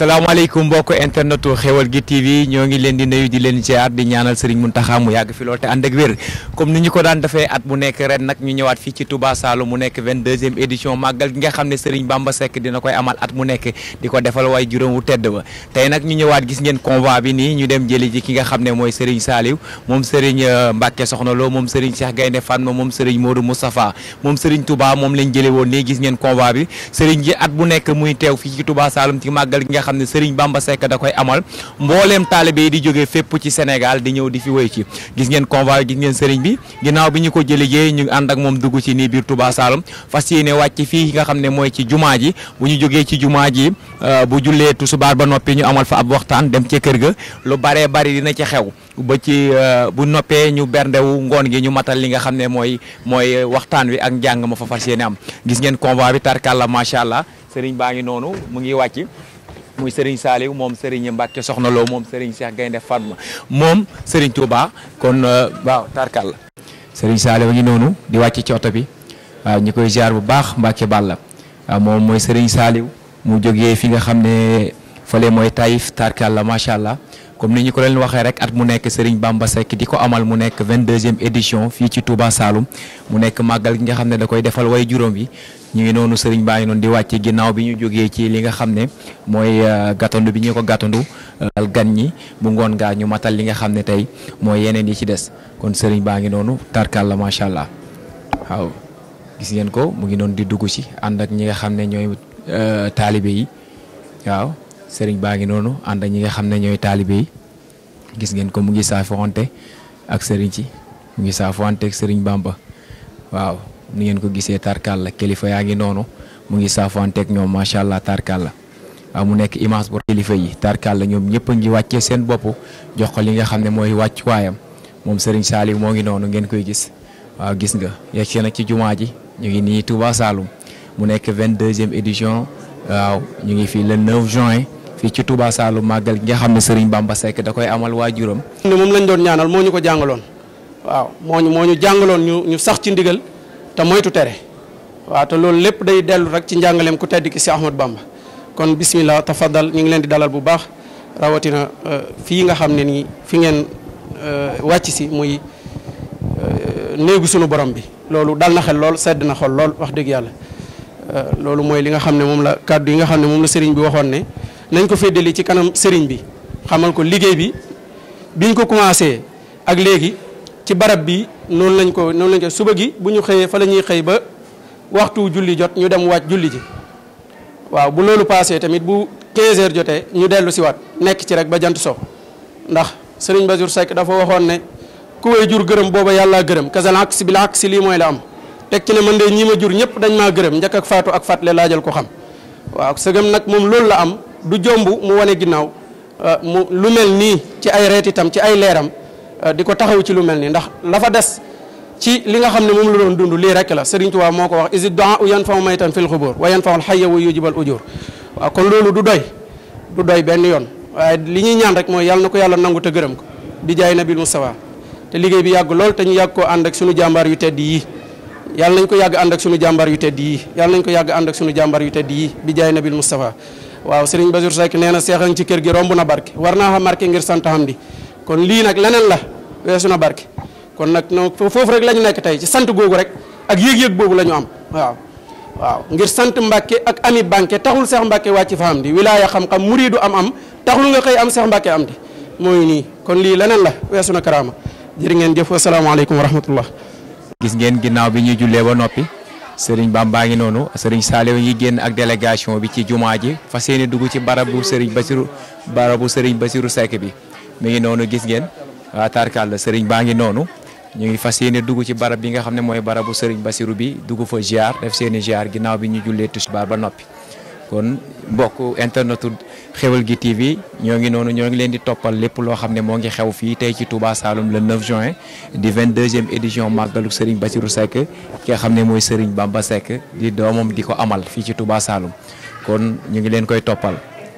salaamaaleykum mbokk internetu xewal gi TV ñoo ngi leen di nuyu di leen ziar di ñaanal Serigne Mountakha mu yàgg fi lool te ànd ak wér comme ni ñu ko daan defee at mu nekk ren nag ñu ñëwaat fii ci Touba Saloum mu nekk 22e édition màggal gi nga xam ne Serigne Bamba Seck dina koy amal at mu nekk di ko defal waay juróom wu tedd ba tey nag ñu ñëwaat gis ngeen convoi bi nii ñu dem jëli ji ki nga xam ne mooy Serigne Saliou moom Serigne euh, Mbacke Soxna Lo moom Serigne Cheikh Gaynde Fatma moom Serigne Modou Moustapha moom Serigne Touba moom lañ jële woon nii gis ngeen convoi bi Serigne ji at bu muy teew fii ci Touba Saloum ci màggal xam ne Serigne Bamba Seck da koy amal mbooleem taalibe yi di jógee fépp ci Sénégal di ñëw di fi woy ci gis ngeen convoi gis ngeen Serigne bi ginnaaw bi ñu ko jëlee jëyee ñu ànd ak moom dugg ci nii biir Touba Saloum fas yéene wàcc fii nga xam ne mooy ci jumaa ji bu ñu jógee ci jumaa ji euh, bu jullee tusubaar ba noppi ñu amal fa ab waxtaan dem ci kër ga lu baree bari dina ci xew ba ci euh, bu noppee ñu berndewu ngoon gi ñu matal li nga xam ne mooy mooy waxtaan wi ak njàng ma fa fas yéene am gis ngeen convoi allah muy Serigne Saliou moom Serigne Mbacke Soxna Lo moom Serigne Cheikh Gaynde Fatma moom Serigne Touba kon euh, waaw tarkal Serigne Saliou ngi noonu di wàcc ci oto bi waaw ñi koy ziar bu baax Mbacke Balla waaw moom mooy Serigne Saliou mu jógee fi nga xam ne fële mooy Taïf tarkal la macha allah. comme ni ñu ko leen waxee rek at mu nekk Serigne Bamba Seck di ko amal mu nekk vingt-deuxième édition fii ci Touba Saloum mu nekk màggal gi nga xam ne da koy defal way juróom yi ñu ngi noonu Serigne baa ngi noonu di wàcc ginnaaw bi ñu jógee ci li nga xam ne mooy euh, gàttandu bi ñu ko gàttandu euh, gan ñi bu ngoon gaa ñu matal li nga xam ne tey mooy yeneen yi ci des kon sëriñ baa ngi noonu tarkal la macha allah waaw gis ngeen ko mu ngi noonu di dugg ci ànd ak ñi nga xam ne ñooy euh, taalibe yi waaw. sëriñ baa ngi noonu ànd ñi nga xam ne ñooy taalibe yi gis ngeen ko mu ngi saafuwante ak sëriñ ci mu ngi saafuwante ak sëriñ Bamba waaw ni ngeen ko gisee tarkal kilifa yaa ngi noonu mu ngi saafuwante ak ñoom macha allah tarkal la waaw mu nekk image bu kilifa yi tarkal la ñoom ñëpp a wàccee seen bopp jox ko li nga xam ne mooy wàccuwaayam moom sëriñ Saliou moo ngi noonu ngeen koy gis waaw gis nga yegg see ci jumaa ji ñu ngi nii Touba Saloum mu nekk 22e édition waaw ñu ngi fii le 9 juin. fi ci Touba salu magal nga xamne Serigne Bamba sek da koy amal wajuram ne moom lañ doon ñaanal moñu ko jangalon waaw moñu moñu jangalon ñu ñu sax ci ndigal ta moytu téré waaw ta lool lepp day delu rek ci jangalem ku tedd ki Ahmad Bamba kon bismillah tafadal ñi ngi leen di dalal bu baax rawatina euh, fi nga xamne ni fi ngeen euh, wacc ci muy euh, neegu suñu borom bi loolu dal na xel lool sedd na xol lool wax deug yalla Euh, loolu mooy li nga xam ne moom la kàddu yi nga xam ne moom la sëriñ bi waxoon ne nañ ko féddali ci kanam sëriñ bi xamal ko liggéey bi biñ ko commencé ak léegi ci barab bi noonu lañ ko noonu lañ ko suba gi bu ñu xëyee fa la ñuy xëy ba waxtu julli jot ñu dem wàcc julli ji waaw bu loolu paasee tamit bu 15 heures jotee ñu dellu si waat nekk ci rek ba jant so ndax sëriñ Bassirou sekk dafa waxoon ne ku way jur gërëm booba yàlla gërëm kasalak si bilaak si lii mooy la am teg ci ne ma de ñii ma jur ñëpp dañ maa gërëm njëkk ak faatu ak fàttale laajal ko xam waaw sëgam nag moom loolu la am du jomb mu wane ginnaaw euh, mu lu mel nii ci ay reet itam ci ay leeram euh, di ko taxaw ci lu mel nii ndax la fa des ci li nga xam ne moom la doon dund lii rek la Sëriñ Tuubaa moo ko wax isi doa u yan faw maytan fil xubóor wa yan fawl xayya wa yujibal ujur waaw kon loolu du doy du doy benn yoon waaye li ñuy ñaan rek mooy yàlla na ko yàlla nangu gërëm ko bi jaay nabil mustafa te liggéey bi yàgg lool te ñu yàgg koo ànd jàmbaar yu tedd yii yalla nañ ko yag and ak suñu jambar yu teddi yalla yàlla nañ ko yag and ak suñu jambar yu teddi bi jay nabil mustafa waaw Serigne bazour Seck neena cheikh seexang ci kër gi rombu na barke warna ha marke ngir sant hamdi kon li nak lenen la wessu na barke kon nak no rek la nek tay ci sant googu rek ak yeg yeg bobu lañu am waaw waaw ngir sant Mbàkke ak ami banke taxul cheikh Mbàkke wàcc fa hamdi wilaya xam-xam muriidu am am taxul nga xey am cheikh Mbàkke amdi moy ni kon li lenen la wessu na karama jeri ngeen assalamu alaykum wa rahmatullah gis ngeen ginnaaw bi ñu jullee ba noppi Serigne baa ngi noonu Serigne Saliou ngi génn ak délégation bi ci jumaa ji fas yéene dugg ci barabu Serigne Bassirou barabu Serigne Bassirou Seck bi mu ngi noonu gis ngeen waa tarkal Serigne baa ngi noonu ñu ngi fas yéene dugg ci barab bi nga xam ne mooy barabu sëriñ Bassirou bi dugg fa ziar def seeni ziar ginnaaw bi ñu jullee tisbaar ba noppi kon mbokk internetu xewal gi TV ñoo ngi noonu ñoo ngi leen di toppal lépp loo xam ne moo ngi xew fii tey ci Touba Saloum le 9 juin di 22e édition màggalu Serigne Bassirou Seck ki nga xam ne mooy Serigne Bamba Seck di doomam di ko amal fii ci Touba Saloum kon ñu ngi leen koy toppal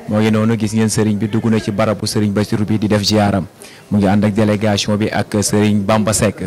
moo ngi noonu gis ngeen Serigne bi dugg na ci barabu Serigne Bassirou bi di def ziaram mu ngi ànd ak délégation bi ak Serigne Bamba Seck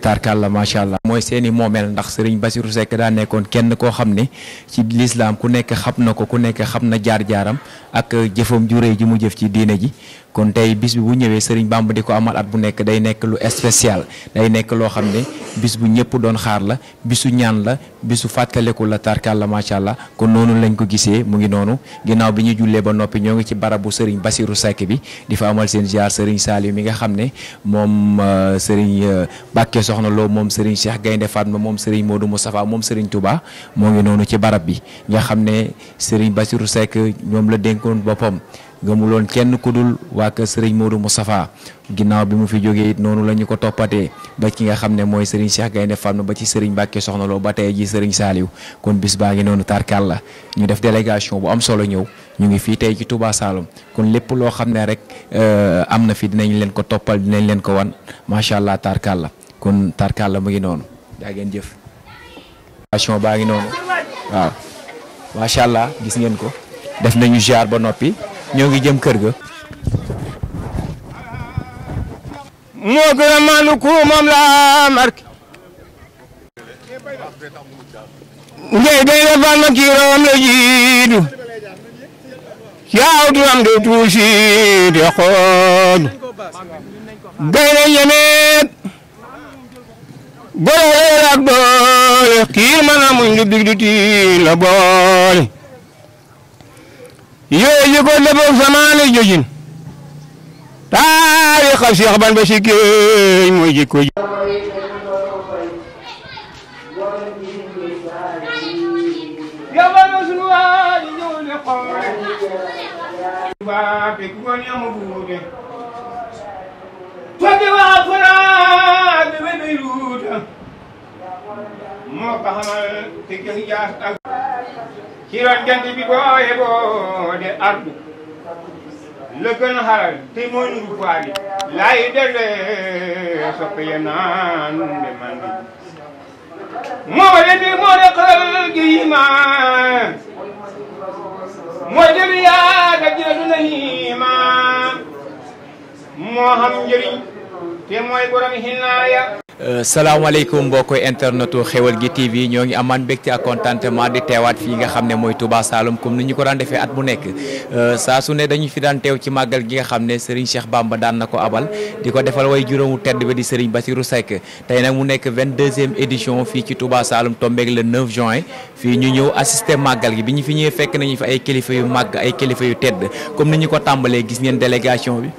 tarkalla macha allah mooy seen i moomeel ndax sëriñ Bassirou Seck daa nekkoon kenn koo xam ne ci lislaam ku nekk xam ko ku nekk xam jaar-jaaram ak jëfam ju ji mu jëf ci diine ji kon tey bis bi bu ñëwee sëriñ Bamba di ko amal at bu nekk day nekk lu spécial day nekk loo xam bis bu ñëpp doon xaar la bisu ñaan la bisu fàttaleku la tarkal la macha allah kon noonu lañ ko gisee mu ngi noonu ginnaaw bi ñu jullee ba noppi ñoo ngi ci barabu Serigne Bassirou Seck bi di fa amal seen ziar Serigne Saliou mi nga xam ne moom euh, Serigne euh, Bakke Soxna Lo moom Serigne Cheikh Gaynde Fatma moom Serigne Modou Moustapha moom Serigne Touba moo ngi noonu ci barab bi nga xam ne Serigne basiru Seck ñoom la dénkoon boppam. gëmuloon kenn ku dul sëriñ kër Serigne Modou Moustapha ginnaaw bi mu fi jógee it noonu la ñu ko toppatee ba ki nga xam ne mooy Serigne Cheikh Gaynde Fatma ba ci Serigne Mbacke Soxna Lo ba tey ji Serigne Saliou kon bis baa ngi noonu tarkal la ñu def délégation bu am solo ñëw ñu ngi fii tey ci Touba Saloum kon lépp loo xam ne rek euh, am na fi dinañ leen ko toppal dinañ leen ko wan macha allah tarkal la kon tarkal la mu ngi noonu daa ngeen jëf. délégation baa ngi noonu waaw macha allah gis ngeen ko def nañu ziar ba noppi. ñogi jëm kër ga mo gën manu maanu ku moom la mark ngey day la ban ma kiiroom la jiidu yaaw du am de tuusi de xol gay na ñemeet bo wéer ak do ki manam ñu dig du ti la boole yooyu ko dëppoog samaane jojin taarixa Cheikh Ban ba si kéy mooy jikko ji baabe kugon yamu buude todde waa foraaɓe ɓe ɓeyruuta mo kahamal te kehi jaas hirondende ɓiɓo heɓode ardu leggan haral temondu faali layiɗele soppeya nanunde mandi moɗe ndi moɗe kalge yima moƴƴere yaga jeɗuna yima moham jeriñ te moy ɓoram hinaya Euh, salaamaaleykum mbokk internetu xewal gi TV ñoo ngi amaan mbégte ak contentement di teewaat fii nga xam ne mooy Touba Saloum comme ni ñu ko daan defee at bu nekk euh, saa su ne dañu fi daan teew ci màggal gi nga xam ne Serigne Cheikh Bamba daan na ko abal di ko defal way juróomu tedd ba di Serigne Bassirou Seck tey nag mu nekk 22e édition fii ci tubaa Saloum tombeeg le 9 juin fii ñu ñëw assister màggal gi bi ñu fi ñëwee fekk nañu fi ay kilifa yu màgg ay kilifa yu tedd comme ni ñu ko tàmbalee gis ngeen délégation bi.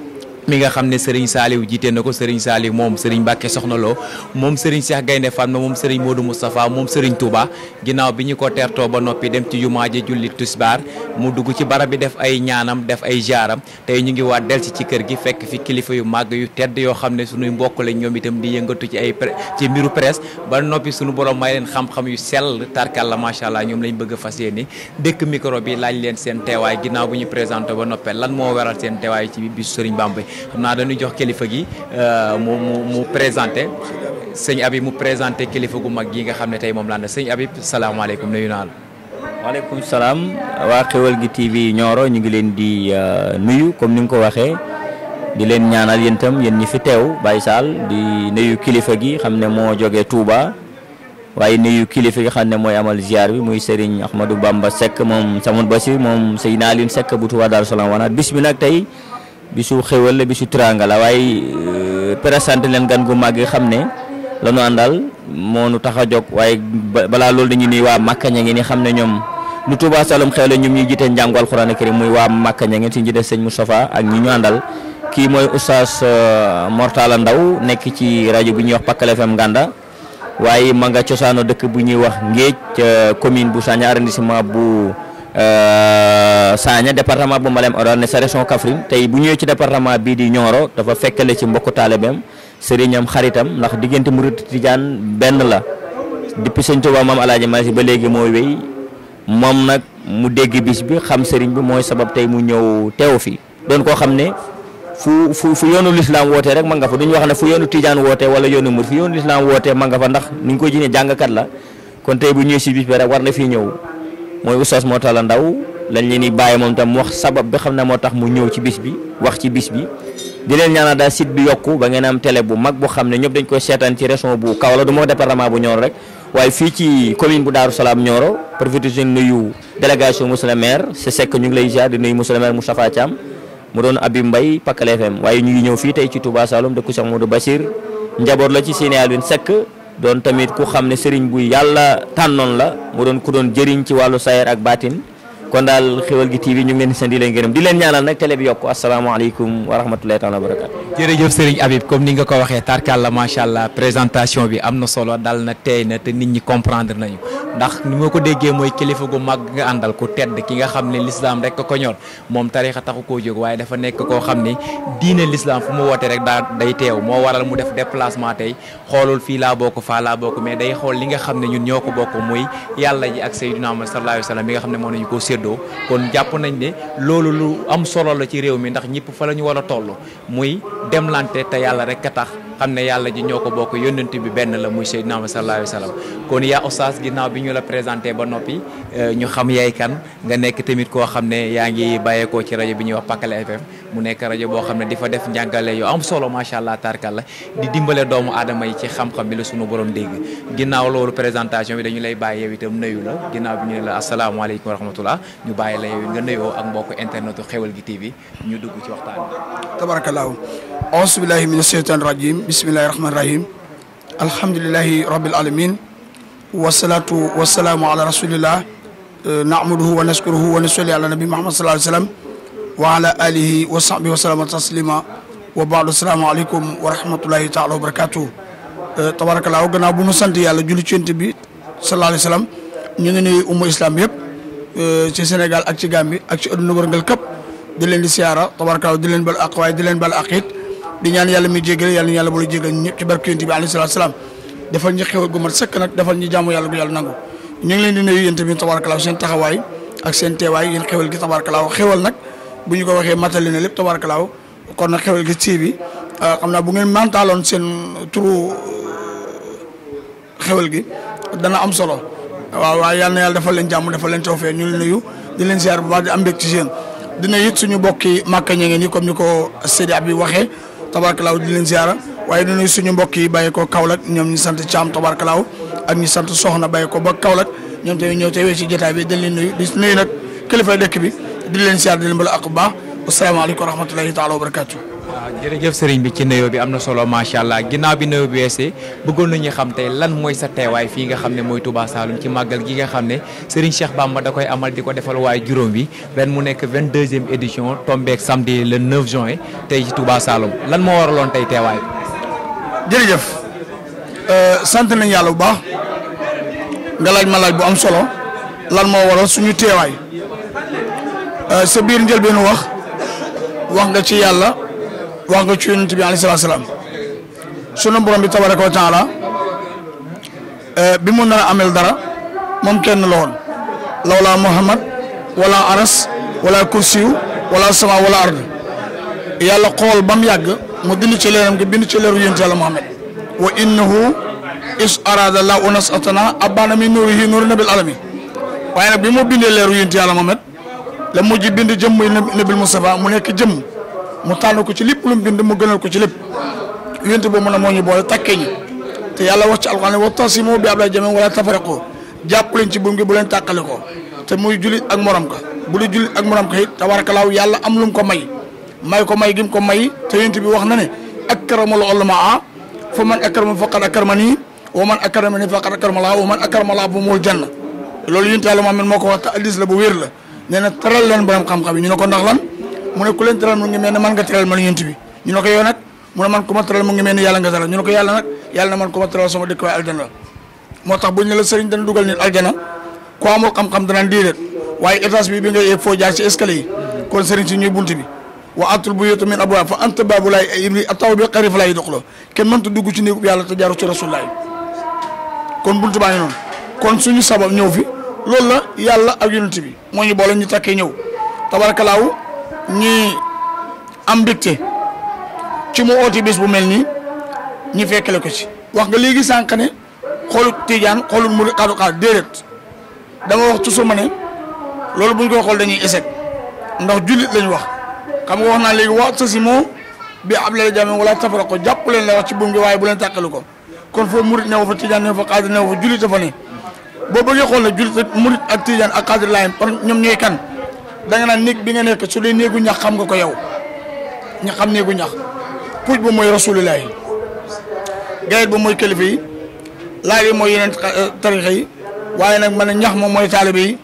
mi nga xam ne Serigne saaliw jiite na ko Serigne Saliou moom Serigne Mbacke Soxna Lo moom Serigne Cheikh Gaynde Fatma moom Serigne Modou Moustapha moom Serigne Touba ginnaaw bi ñu ko teertoo ba noppi dem ci jumaa ji julli tisbaar mu dugg ci barab bi def ay ñaanam def ay jaaram tey ñu ngi waat delsi ci kër gi fekk fi kilifa yu màgg yu tedd yoo xam ne suñuy mbokk la ñoom itam di yëngatu ci ay ci mbiru presse ba noppi suñu borom may leen xam-xam yu sell tarkal la macha allah ñoom lañ bëgg a fas dëkk micro bi laaj leen seen teewaay ginnaaw bu ñu présenté ba noppee lan moo waral seen teewaay ci bisu baam bi xam naa dañuy jox kilifa gi euh, mu mu présenté sëñ Habib mu présenté kilifa gu mag gi nga xam ne tey moom laa ne sëñ Habib salaamaaleykum nuyu naa la. salaam waa Xewal gi TV Nioro ñu ngi leen di euh, nuyu comme ni nga ko waxee. di leen ñaanal yéen itam ñi fi teew Baye Sall di nuyu kilifa gi xam ne moo joge tuuba waaye nuyu kilifa gi xam ne mooy amal ziar bi muy Serigne Ahmadou Bamba sekk moom sa ba si moom Seydina Alioune Seck bu Touba Darou Salaam wanaat bis bi nag tey bisu xéwal la bisu tiraanga la waaye euh, présenté leen gan gu màgg xam ne la ñu àndal moo nu tax a jóg waaye balaa loolu dañu nuy waa Màkka ña ngi xam ne ñoom lu Touba Saloum xew la ñoom ñuy jiite njàngu alxuraan karim muy waa Màkka ña ngi si jiite sëñ Moustapha ak ñi ñu àndal kii mooy oustaz euh, Mortala Ndaw nekk ci rajo bu ñuy wax Pakal FM Nganda waaye ma nga cosaano dëkk bu ñuy wax Ngéej euh, commune bu Sagna arrondissement bu. Saña département bu Mbalem ne sa région kafrine tay bu ñëwee ci département bi di ñoro dafa fekkale ci mbokk taalibeem serignam xaritam ndax diggante murid tidiane benn la depuis sëñ Tuubaa maam Alaaji Maalik ba léegi moy wéy mom nak mu dégg bis bi xam bi moy sabab tay mu ñëw teew fi doon ko fu fu fu yoonu lislam woote rek ma nga fa duñ wax ne fu yoonu tidiane woote wala yoonu murid fu yoonu l'islam woote ma nga fa ndax ni ko la kon tay bu ñëwee ci bis bi rek war na fi ñëw moy oustaz ndaw lañ leen di bàyyi moom tam wax sabab bi xam ne moo tax mu ñëw ci bis bi wax ci bis bi di leen ñaanal daal site bi yokku ba ngeen am télé bu mag boo xam ne ñëpp dañ koy seetaan ci région bu Kaolack du ma département bu Nioro rek waaye fii ci commune bu Daru Salaam ñoro profité si nuyu délégation monsieur le maire si sec ñu ngi lay ziar di nuyu monsieur le maire Moustapha Thiam mu doon Abi Mbaye Pakal FM waaye ñu ngi ñëw fii tey ci Touba Saloum dëkku Cheikh Modou Bachir njaboot la ci signal Alioune sec doon tamit ku xam ne sëriñ bu yàlla tànnoon la mu doon ku doon jëriñ ci wàllu sayer ak baatin kon daal xéwal gi TV ñu ngi leen di leen gërëm di leen ñaanal nag télé bi yokku asalaamaaleykum wa rahmatulahi taala wa barakatu jërëjëf Serigne Habib comme ni nga ko waxee tarkalla macha allah présentation bi am na solo dal na teey na te nit ñi comprendre nañu ndax ni ma ko déggee mooy kilifa gu mag nga àndal ku tedd ki nga xam ne lislaam rek ko ñor moom tarixa taxu ko jóg waaye dafa nekk koo xam ne diine lislaam fu mu woote rek daa day teew moo waral mu def déplacement tey xoolul fii laa bokk faa laa bokk mais day xool li nga xam ne ñun ñoo ko bokk muy yàlla ji ak Seydina Muhammad sallallahu alayhi wa sallam bi nga xam ne moom nañu koo séddoo kon jàpp nañ ne loolu lu am solo la ci réew mi ndax ñëpp fa la ñu war a toll muy demlante te yàlla rek xam ne yàlla ji ñoo ko bokk yónnent bi benn la muy Seydina Muhammad sallallahu alayhi wa sallam kon yaa oustaz ginnaaw bi ñu la présenté ba noppi euh, ñu xam yaay kan nga nekk tamit koo xam ne yaa ngi bàyyeekoo ci rajo bi ñuy wax Pakala FM mu nekk rajo boo xam ne di fa def njàngale yu am solo macha allah tarkal la di dimbale doomu aadama yi ci xam-xam bi la sunu boroom dégg ginnaaw loolu présentation bi dañu lay bàyyi yow itam nuyu la ginnaaw bi ñu la asalaamaaleykum wa ñu bàyyi la nga nuyoo ak mbokk internetu Xewël gi TV ñu dugg ci waxtaan bi auzu billahi min asheytan rajim bismillahi rahmani rahim alhamdulilahi rabbil alamin wasalaatu wasalaamu ala rasulillah nahmaduhu wa naskuruhu wa nasolli ala nabi muhammad sallallahu alayhi wasallam wa ala alihi wa sahbihi wa salama taslima wa baadu asalaamu aleykum wa rahmatullahi taala wa barakatuh tabarakallah gannaaw bu nu sant yàlla julli ci yonent bi sallallahu alayhi wasallam ñu ngi nuyu umma islam yëpp eh, ci Sénégal ak ci Gambie ak ci adduna wërngal këpp di leen di siyaara tabarakallah di leen bal aq waaye di leen bal aq it di ñaan yalla mi ñu yalla bu lu jéggel ñepp ci barke yentibi alayhi salatu wassalam defal ñi xewal gu mar sekk nak defal ñi jamu yalla gu yalla nangu ñu ngi leen di nuyu yentibi tamit seen taxaway ak seen teway yeen xewal gi tabaarakalaaw xewal nak bu ñu ko waxe matali na lepp tabaarakalaaw kon nak xewal gi ci ah, xamna bu ngeen mantalon seen turu euh, xewal gi dana am solo wa wa yalla na defal leen jamu defal leen tawfe ñu leen nuyu di leen ziar bu baax di am bekk ci seen dina it suñu bokki makka ñi ngeen ni comme ni ko Seydi Abi waxe tabarkalaw di leen ziara waaye dañuy suñu mbokk yi bàyyi ko Kaolack ñoom ñu sant Caam tabarkalaw ak ñu sant Soxna bàyyi ko ba Kaolack ñoom tamit ñoo teewee ci jotaay bi dañ leen nuyu di nuyu nag kilifa dëkk bi di leen ziar di leen bala ak bu baax asalaamaaleykum wa rahmatulahi taala wa barakaatu waaw jërëjëf sëriñ bi ci nuyoo bi am na solo macha allah ginnaaw bi nuyoo bi weesee bëggoon nañu xam tey lan mooy sa teewaay fii nga xam ne mooy Touba Saloum ci màggal gi nga xam ne sëriñ Cheikh Bamba da koy amal di ko defal waaye juróom bi ren mu nekk 22e édition tombeek samedi le 9 juin tey tubaa Touba Saloum lan moo waraloon tey teewaay jërëjëf euh, sant nañ yàlla bu baax nga laaj ma laaj bu am solo lan moo waral suñu teewaay euh, sa biir njëlbeenu wax wax nga ci yàlla. wax nga ci yonent bi alayhi salaam sunu borom bi tabaraka wa taala eh, bi mu nar a dara moom kenn la woon lawla Muhammad wala aras wala kursiyu wala sama wala ard yàlla kool ba mu yàgg mu bind ci leeram gi bind ci leeru yonent yàlla Muhammad wa innahu is arada la unas atana abbaana mi nuurihi nuuri nabil alami waaye nag bi mu bindee leeru yonent yàlla Muhammad la mujj bind jëmm nabil Mustafa mu nekk jëmm mu tànn ko ci lépp lu mu bind mu gënal ko ci lépp yonent boobu mën a moo ñu boole takkee ñu te yàlla wax ci alxuraan wa'tasimu bi hablil jamii wala tafarraqu jàpp leen ci buum gi bu leen tàqale ko te muy jullit ak morom ka bu di jullit ak morom ka it tabaarakalaaw yàlla am lu ko may may ko may gi ko may te yonent bi wax na ne akramal ulamaa fa man akrama faqad akramani wa man akramani faqad akramalaa wa man akramalaa bu mu janna loolu yonent yàlla Muhammad moo ko wax te hadiis la bu wér la nee na leen borom xam yi ñu ne ko ndax lan. mune ku teral mo ngi melni man nga teral ma ñu nako yow nak mune man ku teral mo ngi melni yalla nga teral ñu nako yalla nak yalla na man ku teral sama dekk waay aljana motax buñ la sëriñ dañ duggal ni aljana ko amul xam-xam di déedéet waye etage bi bi nga yëg jaar ci escalier kon sëriñ ci ñuy bunt bi wa atul buyutu min abwa fa anta babu lay ibni ataw bi qarif lay doxlo man mënta duggu ci neeku yalla ta jaaru ci rasulullah kon buntu baa ngi kon suñu sabab ñëw fi lool la yalla ak yonent bi ñu ñu takké ñi am mbégte ci mu ooti bis bu mel nii ñi fekkale ko ci. wax nga léegi sànq ne xoolut Tidiane xoolut mu xaalu xaal déedéet dama wax toujours ma ne loolu buñ koy xool dañuy échec ndax jullit lañu wax xam nga wax naa léegi waa si moo bi Abdoulaye Diame wala tafara ko jàpp leen la wax ci buum waaye bu leen tàqalu ko kon foofu murit new fa Tidiane new fa xaadir new fa jullit dafa ne boo bëggee xool ne jullit murit ak Tidiane ak xaadir ñoom ñooy da nga néeg bi nga nekk su dee néegu ñax xam nga ko yow ña xam néegu ñax puuj ba mooy rasulullah yi gayet ba mooy kilifa yi laaj mooy yeneen euh, tarixa yi waaye nag man ñax moom mooy taalibe yi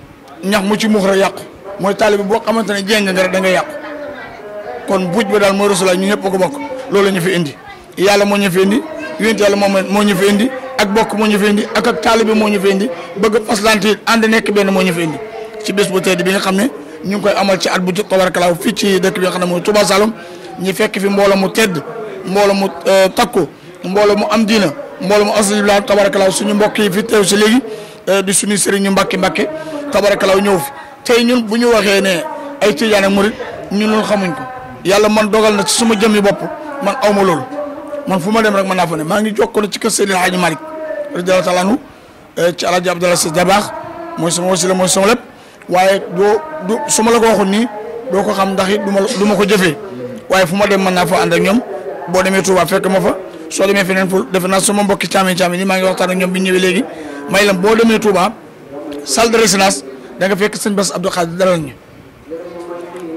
ñax mu ci muux rek yàqu mooy taalibe boo xamante ne jéng nga rek da nga yàqu kon buuj ba daal mooy rasulullah ñu ñëpp ko bokk loolu ñu fi indi yàlla moo ñu fi indi yonent yàlla moo moo ñu fi indi ak bokk moo ñu fi indi ak ak taalibe moo ñu fi indi bëgg faslante ànd nekk benn moo ñu ci bés bu tedd bi nga xam ne ñu ngi koy amal ci at bu tabarakallaahu fii ci dëkk bi nga xam ne mooy Touba Saloum fekk fi mbooloo mu tedd mbooloo mu euh, takku mbooloo mu am diina mbooloo mu asalaamaaleykum tabarakallaahu suñu mbokk yi fi teew si léegi euh, di suñu sëriñ ñu mbàkki mbàkki tabarakallaahu ñëw fi tey ñun bu ñu waxee ne ay tijaan ak murit ñu loolu xamuñ ko yàlla man dogal na ci suma jëmmi bopp man aw ma loolu man fu ma dem rek mën naa fa ne maa ngi jokkoo ci kër Seydil Hadji Malick radiyallaahu taala anhu euh, ci Alaaji Abdoulaye Si Dabaax mooy sama wasila mooy waye do du la ko waxoon do doo ko xam ndax it duma ma ko jëfee waye fuma dem man na fa and ak ñom bo demee Touba fekk ma fa so demee fenen fu def na sama mbokk caamin caamin ni ma ngi waxtan ak ñom bi ñëwé légui may lam bo Touba salle de résidence da nga fekk seigne Bass Abdou khadir dalal ñu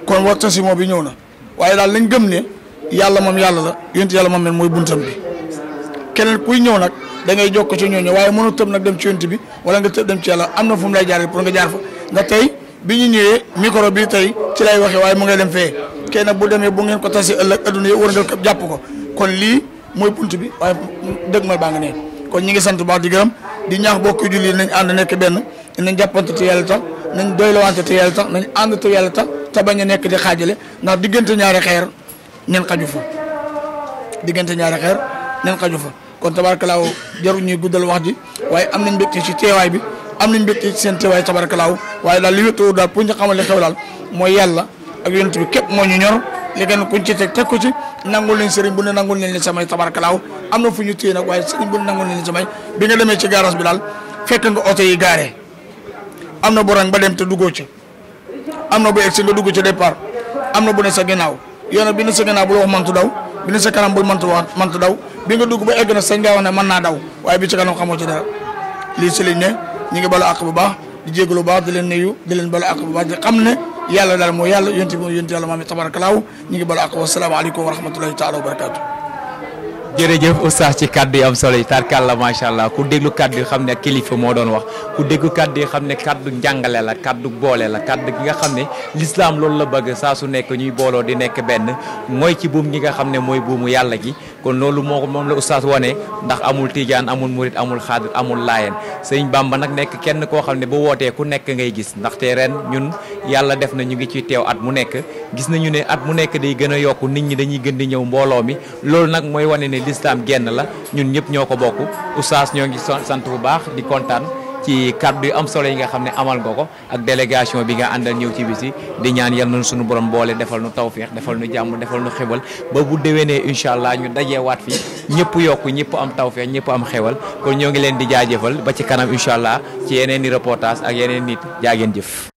kon waxta si mo bi ñëw na waye dal lañ gëm ne yalla mom yalla la yalla mom mel moy buntam bi keneen kuy ñëw nak da ngay jokk ci ñoo waye mënu nak dem ci yent bi wala nga dem ci yalla amna fu mu lay jaar pour nga jaar fa nga tey bi ñu ñëwee micro bi tey ci lay waxee waaye mu ngay dem fee kenn bu demee bu ngeen ko tasi ëllëg adduna yi war a jàpp ko kon lii mooy bunt bi waaye dëgg mal baa nga ne kon ñi ngi sant bu baax di gërëm di ñaax bokk julli nañ ànd nekk benn nañ jàppante te yàlla tax nañ doylawante te yàlla tax nañ ànd te yàlla tax te bañ a nekk di xaajale ndax diggante ñaari xeer nen xaju fa diggante ñaari xeer nen xaju fa kon tabaarkalaaw jarul ñuy guddal wax ji waaye am nañ mbégte ci teewaay bi am nañ mbégte ci seen teewaay tabarkalaaw waaye daal li wéttuwu daal pour ñu xamal li xew mooy yàlla ak yonent bi képp moo ñu ñor li kuñ ci teg ci nangul leen sëriñ bu ne nangul leen li samay tabarkalaaw am na fu ñu téye nag waaye sëriñ bu ne nangul leen li samay bi bi daal fekk nga oto yi gaare am na bu rang ba dem te duggoo ci am na bu egsi nga dugg ci départ am na bu ne sa ginnaaw yow nag bi ne sa ginnaaw bul wax mantu daw bi ne sa kanam bul mantu wax mantu daw bi nga dugg ba egg na sañ ngaa ne mën naa daw waaye bi ci kanam xamoo ci dara lii si liñ ne ñu ngi balu àq bu baax di jégalu bu baax di leen leen balu àq bu baax di xam ne yàlla daal moo yàlla yonti moo yonti yàlla maam tabaarakalaaw ñu ngi balu àq wa salaamaaleykum wa rahmatullahi taala wa barakaatu jërëjëf oustaz ci kàddu yi am solo yi tarkal la macha allah ku déglu kàddu yi xam ne kilifa moo doon wax ku déglu kàddu xam ne kàddu njàngale la kàddu boole la kàdd gi nga xam ne lislaam loolu la bëgg saa su nekk ñuy booloo di nekk benn mooy ci buum gi nga xam ne mooy buumu yàlla ji kon loolu moo ko moom la oustaz wane ndax amul tijaan amul murit amul xaadir amul laayeen sëñ bamba nag nekk kenn koo xam ne bu wootee ku nekk ngay gis ndaxte ren ñun yàlla def na ñu ngi ciy teew at mu nekk gis nañu ne at mu nekk day gën a yokk nit ñi dañuy gën di ñëw mbooloo mi lislaam genn la ñun ñëpp ñoo ko bokk oustaz ñoo ngi sant bu baax di kontaan ci kàddu yi am solo yi nga xam ne amal nga ko ak délégation bi nga àndal ñëw ci bisi di ñaan yal nañu suñu borom boole defal nu tawféex defal nu jàmm defal nu xewal ba bu déwénee incha allah ñu waat fi ñëpp yokk ñëpp am tawféex ñëpp am xewal kon ñoo ngi leen di jaajëfal ba ci kanam incha allah ci yeneen i reportage ak yeneen nit jaageen jëf